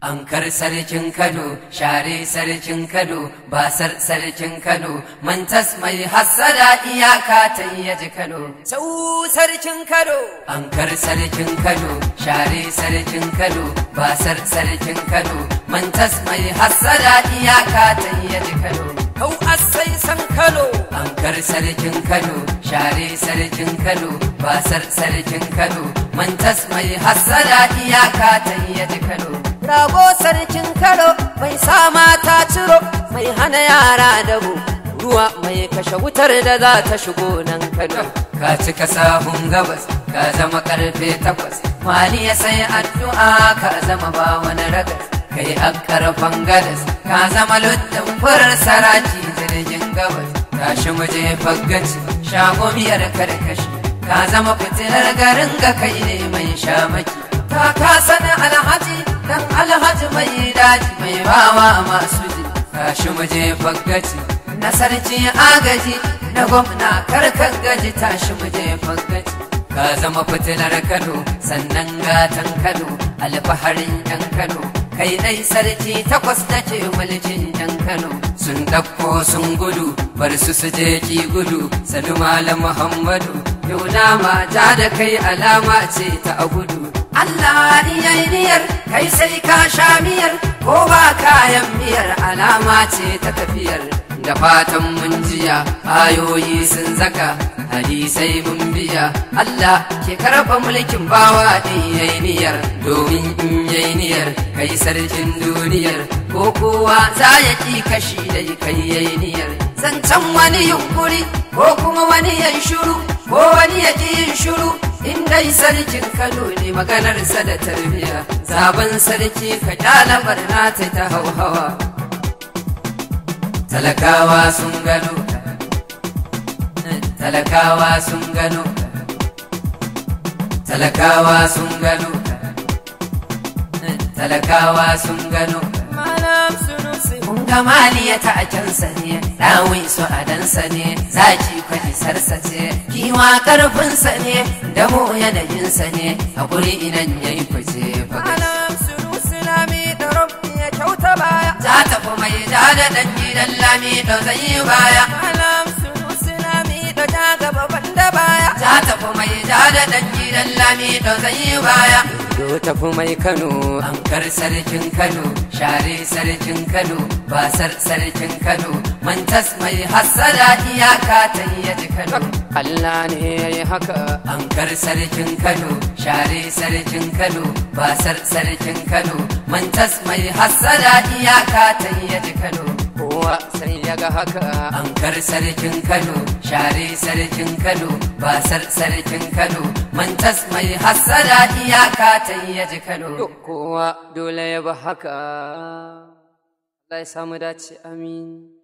Ankar sarkin Kano, share sarkin Kano, basar sarkin Kano, mantas mai hassada iyaka ta iya ji Kano. Sau sarkin Kano. Ankar sarkin Kano, share sarkin Kano, basar sarkin Kano, mantas mai hassada iyaka ta iya ji Kano. Kau asai san Kano. Ankar sarkin Kano, share sarkin Kano, basar sarkin Kano, mantas mai hassada iyaka ta iya ji Kano. rago sarkin karo mai sa mata ciro mai hana yara dabo ruwa mai kashe wutar da za ta shigo nan kano ka cika sahun gabas ka zama karfe takwas ya sai addu'a ka zama ba wani ragas kai akkarfan gadas ka zama luddin furar saraki jirgin gabas tashi muje faggaci shago biyar karkashi ka zama fitilar garin ga kai ne mai shamaki ka kasa bawa masu ji tashi muje je faggaci na sarki agaji na gwamna karkar gaji tashi muje je ka zama fitilar kano sannan gatan kano alfaharin yan kano kai dai sarki takwas take mulkin yan kano sun ɗakko sun gudu bar su su je ki gudu sanu malam muhammadu yau nama ja da kai alama ce ta a gudu Allah niyar kai sai ka sha miyar ko ba kayan miyar alama ce ta tafiyar da fatan mun jiya ayoyi sun zaka hadisai mun biya Allah ke karfa mulkin bawa in yayi niyar domin in yayi niyar kai sarkin duniyar ko kowa za ya ki kashi da kai yayi niyar zancen wani yunkuri ko kuma wani yan shuru ko wani ya ki yin shuru in dai sarkin kano ne maganarsa da tarbiya zaben sarki ka kyala barna ta ta hauhawa talakawa sun gano talakawa sun gano talakawa sun gano talakawa sun gano Malam Sunusi. Kamali ya ta'akinsa ne, ɗawin su sa ne, zaki kwanisarsa ce, kiwa ƙarfinsa ne, damo yanayinsa ne, a guri idan ya yi kuje Malam suru sulami da rabbi ya kyauta baya, za ta kuma yi da da ɗan gidan lami da zai yi baya. Malam suru sulami da ja gaba banda baya, za ta kuma yi da da ɗan gidan lami da zai yi baya. ado tafi mai kano ankar sarkin kano share sarkin kano basar sarkin kano mantas mai hassada iyaka ta yaji kano Allah ne ya yi haka ankar sarkin kano share sarkin kano basar sarkin kano mantas mai hassada iyaka ta yaji kano kowa sai ya ga haka ankar sarkin kano share sarkin kano basar sarkin kano mantas mai hassada iyaka ta iya ji kano kowa dole ya ba haka Allah ya samu dace amin